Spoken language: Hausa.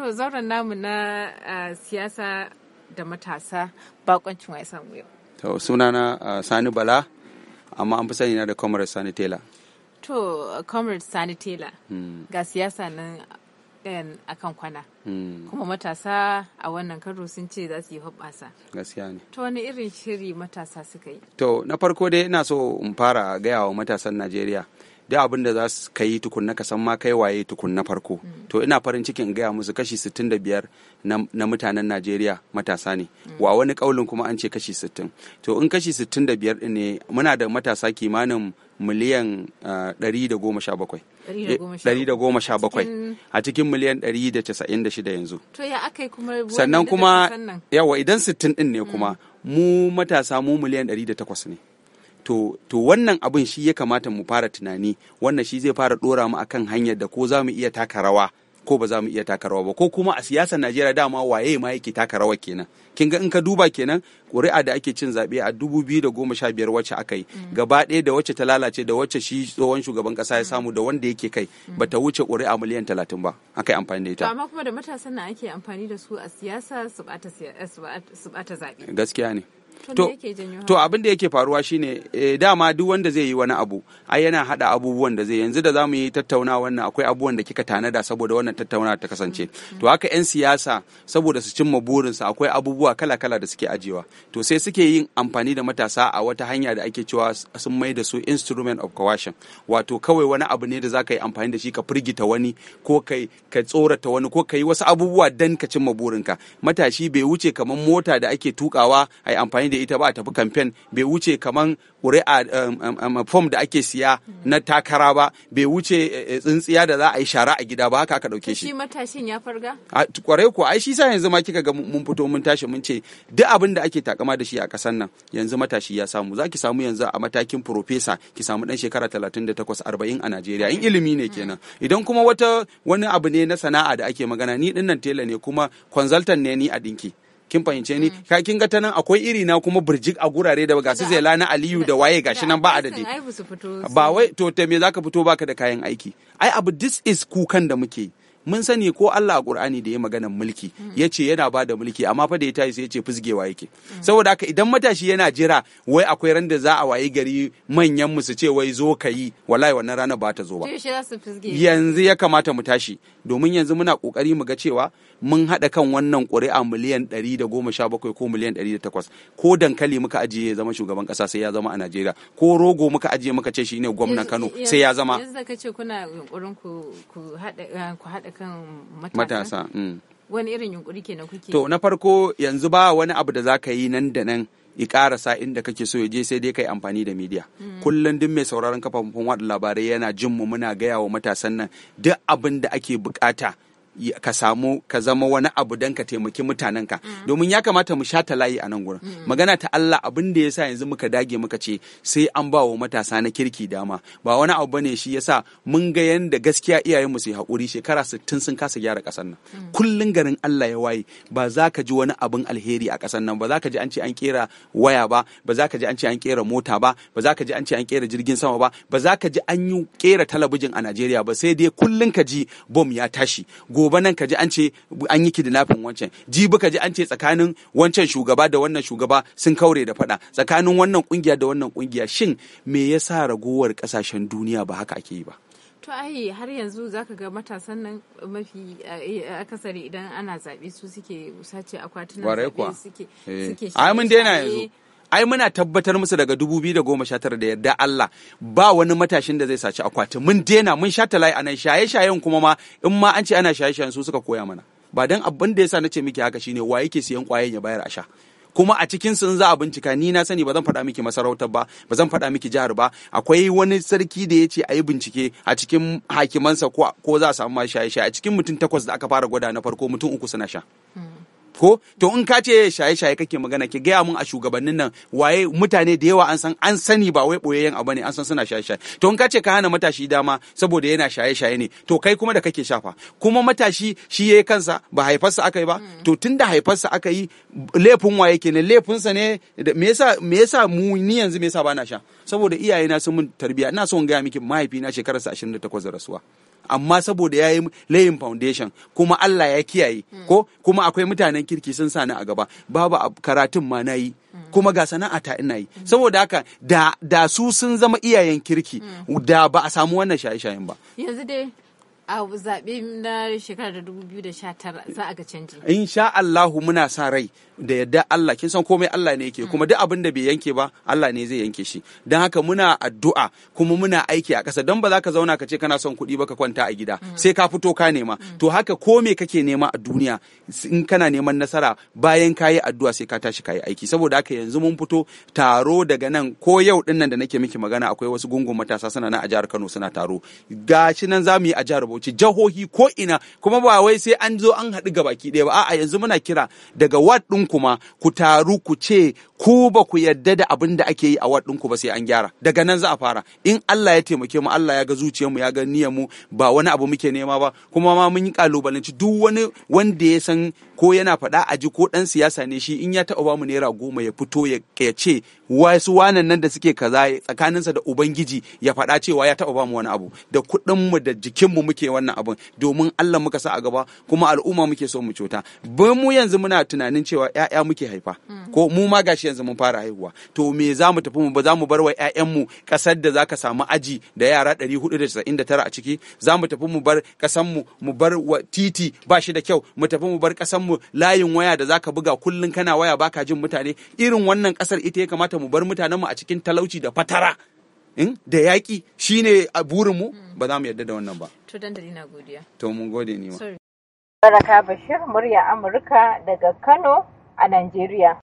To zauren namu na siyasa da matasa bakoncin wai samu yau. To sunana Sani Bala amma an fi sani na da Comrade Sani Tela. To Comrade Sani Tela hmm. ga siyasa nan ɗayan akan kwana. Hmm. Kuma matasa a wannan karo sun ce za su yi hoɓɓasa. Gaskiya ne. To wani irin shiri matasa suka yi? To na farko dai ina so in fara gaya wa matasan Najeriya duk abin da za su ka yi tukunna ka san ma kai waye tukunna farko mm. to ina farin cikin in gaya musu kashi 65 na mutanen Najeriya matasa ne mm. wa wani kaulin kuma an ce kashi 60 to in kashi 65 din ne muna da matasa kimanin miliyan 117 ah, 117 eh, a cikin miliyan 196 yanzu to ya akai kuma sannan kuma yawa idan 60 din ne mm. kuma mu matasa mu miliyan 108 ne to to wannan abin shi ya kamata mu fara tunani wannan shi zai fara dora mu akan hanyar da ko za mu iya taka rawa ko ba za mu iya taka rawa ba ko kuma a siyasar Najeriya dama waye ma yake taka rawa kenan kin ga in ka duba kenan ƙuri'a da ake cin zaɓe a 2015 wacce aka yi mm. gaba ɗaya da wacce ta lalace da wacce shi tsohon shugaban ƙasa ya mm. samu da wanda yake kai mm. ba ta wuce ƙuri'a miliyan 30 ba aka yi amfani da ita amma kuma da matasan na ake amfani da su a siyasa su bata eh, zaɓe gaskiya ne to abin da yake faruwa shine eh, dama duk wanda zai yi wani abu ai yana hada abubuwan da zai yanzu da zamu yi tattauna wannan akwai abubuwan da kika tanada saboda wannan tattauna ta kasance mm-hmm. to haka yan siyasa saboda su cimma burinsa akwai abubuwa kala-kala da suke ajiyewa to sai suke yin amfani da matasa a wata hanya da ake cewa sun mai da su instrument of coercion wato kawai wani abu ne da za ka yi amfani da shi ka firgita wani ko kai ka tsorata wani ko ka yi wasu abubuwa dan ka cimma burinka matashi bai wuce kamar mota da ake tukawa a yi amfani da ita ba tafi kamfen bai wuce kamar ƙuri'a um, um, um, fom da ake siya na takara ba bai wuce eh, eh, tsintsiya da za a yi shara a gida ba haka aka dauke shi. matashin ya farga? kware ko ai shi sa yanzu ma kika ga mun fito mun tashi mun ce duk abin da ake takama da shi a ƙasar nan yanzu matashi ya samu za samu yanzu a matakin profesa ki samu dan shekara talatin da takwas arba'in a Najeriya in ilimi ne kenan idan kuma wata wani abu ne na sana'a da ake magana ni dinnan tela ne kuma consultant ne ni a dinki. kin fahimce ni mm. ka kin ga ta nan akwai iri na kuma burjik a gurare da ga su zela na aliyu da waye gashi nan ba adadi ba wai to ta me zaka fito baka da kayan aiki ai abu this is kukan da muke yi mun sani ko Allah a Qur'ani da ya magana mulki yace yana ba da mulki amma fa da ya tashi sai yace fusgewa yake saboda haka idan matashi yana jira wai akwai ran da za a wayi gari manyan mu su ce wai zo ka yi wallahi wannan rana ba ta zo ba yanzu ya kamata mu tashi domin yanzu muna kokari mu ga cewa mun haɗa kan wannan ƙuri'a miliyan 117 ko miliyan 108 ko dankali muka ajiye ya zama shugaban ƙasa sai ya zama a Najeriya ko rogo muka ajiye muka ce shine gwamnan Kano sai ya zama yanzu da kace kuna yunkurin ku ku haɗa matasa mm. wani irin yunkuri kenan kuke to na farko yanzu ba wani abu da zaka yi nan da nan i karasa inda kake so ya je sai dai kai amfani da media mm. kullum duk mai sauraron kafafun watsa labarai yana jin mu muna gaya wa matasan nan duk abin da ake bukata ka samu ka zama wani abu don ka taimaki mutanenka mm. domin ya kamata mu shata layi a nan gurin mm. magana ta Allah abin da yasa yanzu muka dage muka ce sai an ba wa matasa na kirki dama ba wani abu bane shi yasa mun ga yanda gaskiya iyayenmu su haƙuri hakuri shekara 60 sun kasa gyara kasar nan mm. kullun garin Allah ya waye ba za ka ji wani abin alheri a kasar nan ba za ka ji an ce an kera waya ba ba za ka ji an ce an kera mota ba ba za ka ji an ce an kera jirgin sama ba ba za ka ji an yi kera talabijin a Najeriya ba sai dai kullun ka ji bom ya tashi gobe nan ka ji an ce an yi kidnapping wancan jibi ka ji an ce tsakanin wancan shugaba da wannan shugaba sun kaure da faɗa tsakanin wannan kungiya da wannan kungiya shin me yasa ragowar kasashen duniya ba haka ake yi ba to ai har yanzu zaka ga matasan nan mafi eh, akasari idan ana zabe su suke sace akwatunan suke eh. suke ai mun daina yanzu ai muna tabbatar musu daga 2019 da yarda Allah ba wani matashin da zai saci akwatin. mun dena mun sha talai anan shaye-shayen kuma ma in ma an ce ana shaye-shayen su suka koya mana ba dan abin da yasa na ce miki haka shine wa yake siyan kwayen ya bayar a sha kuma a cikin sun za a bincika ni na sani ba zan faɗa miki masarautar ba ba zan faɗa miki jihar ba akwai wani sarki da ya ce a yi bincike a cikin hakimansa ko za a samu ma shaye-shaye a cikin mutum takwas da aka fara gwada na farko mutum uku suna sha. ko to in ka ce shaye-shaye kake magana ki gaya mun a shugabannin nan waye mutane da yawa an san an sani ba wai boyayyen abu ne an san suna shaye-shaye to in ka ce ka hana matashi dama saboda yana shaye-shaye ne to kai kuma da kake shafa kuma matashi shi yayi kansa ba haifarsa aka yi ba mm. to tunda haifarsa aka yi laifin waye kenan laifinsa ne me yasa me yasa mu ni yanzu me yasa ba na sha saboda iyayena sun mun tarbiya ina so in gaya miki mahaifina shekararsa 28 da rasuwa amma saboda ya yi layin foundation kuma Allah ya kiyaye hmm. ko kuma akwai mutanen kirki sun sani a gaba babu karatun ma na yi hmm. kuma ga sana'a ta ina yi saboda haka da su sun zama iyayen kirki hmm. da ba a samu wannan shaye-shayen ba yanzu dai a zaɓe na shekarar da 2019 za a ga canji sha Allahu muna sa rai da yadda Allah kin san komai Allah ne yake kuma duk abin da bai yanke ba Allah ne zai yanke shi don haka muna addu'a kuma muna aiki a ƙasa don ba za ka zauna ka ce kana son kuɗi ba ka kwanta a gida sai ka fito ka nema to haka komai me kake nema a duniya in kana neman nasara bayan ka yi addu'a sai ka tashi ka yi aiki saboda haka yanzu mun fito taro daga nan ko yau din da nake miki magana akwai wasu gungun matasa suna nan a jihar Kano suna taro gashi nan za mu yi a jihar Bauchi wuce jahohi ko ina kuma ba wai sai an zo an haɗu ga baki ɗaya ba a'a yanzu muna kira daga ward ɗin kuma ku taru ku ce ku ba ku yarda da abin da ake yi a ward ku ba sai an gyara daga nan za a fara in Allah ya taimake mu Allah ya ga zuciyarmu ya ga niyyar mu ba wani abu muke nema ba kuma ma mun yi kalubalanci duk wani wanda ya san ko yana faɗa a ji ko ɗan siyasa ne shi in ya taɓa bamu naira goma ya fito ya ce wasu wanan nan da suke kaza tsakaninsa da ubangiji ya faɗa cewa ya taɓa bamu wani abu da kuɗinmu da jikinmu muke muke wannan abun domin Allah muka sa a gaba kuma al'umma muke so mu cuta ba mu yanzu muna tunanin cewa ƴaƴa muke haifa hmm. ko mu ma gashi yanzu mun fara haihuwa to me za mu tafi mu ba za mu bar wa mu ƙasar da zaka samu aji da yara 499 a ciki za mu tafi mu bar ƙasar mu mu bar wa titi ba shi da kyau mu tafi mu bar kasar mu layin waya da zaka buga kullun kana waya baka jin mutane irin wannan ƙasar ita ya kamata mu bar mutanen mu a cikin talauci da fatara in da yaƙi shine a burinmu ba za mu yarda da wannan ba. To da na godiya. To mun gode ni ma. Baraka Bashir murya Amurka daga Kano a Najeriya.